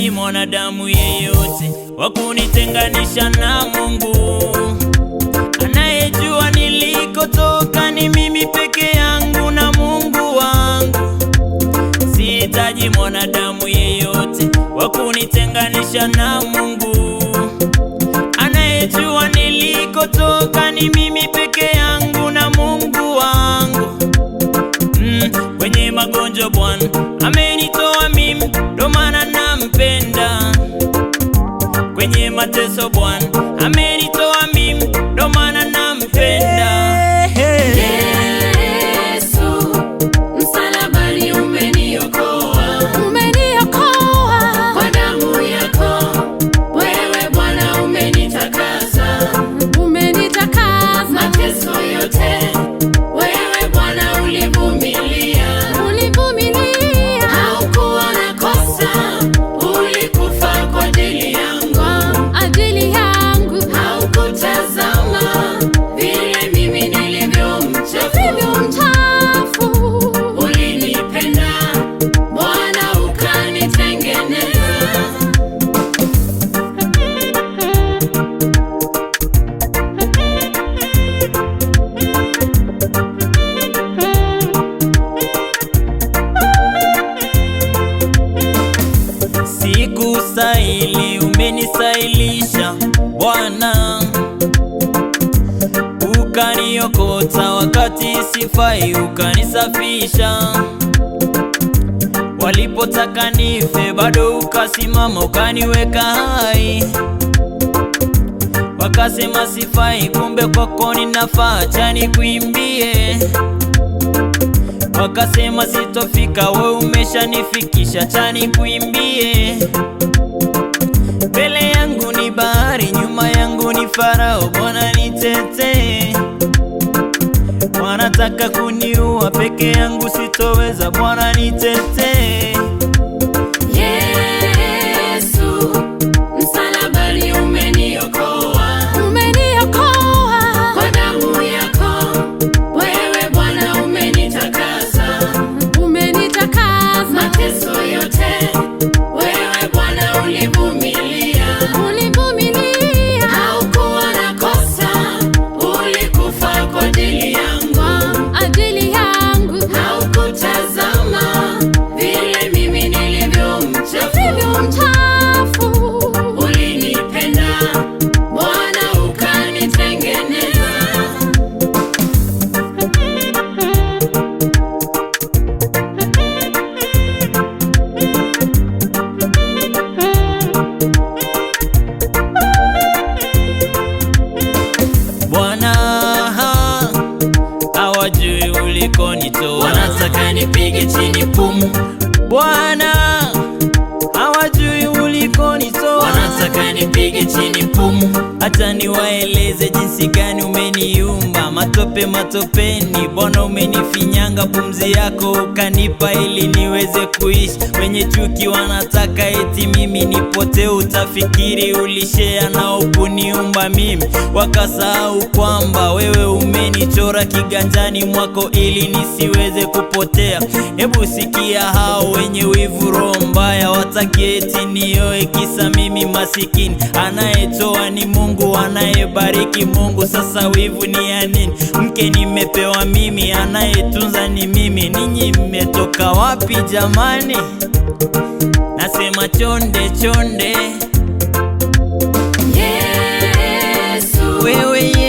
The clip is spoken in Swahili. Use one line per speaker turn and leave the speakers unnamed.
hitaji mwanadamu yeyote wa kunitenganisha na Mungu. Anayejua nilikotoka ni mimi peke yangu na Mungu wangu. Sihitaji mwanadamu yeyote wa kunitenganisha na Mungu. Anayejua nilikotoka ni mimi peke yangu na Mungu wangu. Mm, kwenye magonjwa Bwana mateso bwana. Amen. sana, ukaniokota wakati sifai, ukanisafisha walipotaka nife, bado ukasimama, ukaniweka hai. Wakasema sifai, kumbe kwako ninafaa, acha nikuimbie. Wakasema sitofika, we umeshanifikisha, chani nikuimbie. Mbele yangu ni bahari, nyuma yangu ni Farao, Bwana tete Wanataka kuniua, peke yangu sitoweza, Bwana tete
nipige chini pumu.
Bwana hawajui ulikonitoa,
wanataka nipige chini pumu,
hata niwaeleze jinsi gani umeni matope matopeni, Bwana umenifinyanga, pumzi yako ukanipa ili niweze kuishi. Wenye chuki wanataka eti mimi nipotee, utafikiri ulishea nao kuniumba mimi, wakasahau kwamba wewe umenichora kiganjani mwako ili nisiweze kupotea. Hebu sikia hao wenye wivu, roho mbaya, wataki eti nioe kisa mimi masikini. Anayetoa ni Mungu, anayebariki Mungu. Sasa wivu ni ya nini? Mke nimepewa mimi, anayetunza ni mimi. Ninyi mmetoka wapi jamani? Nasema chonde chonde.
Yesu
wewe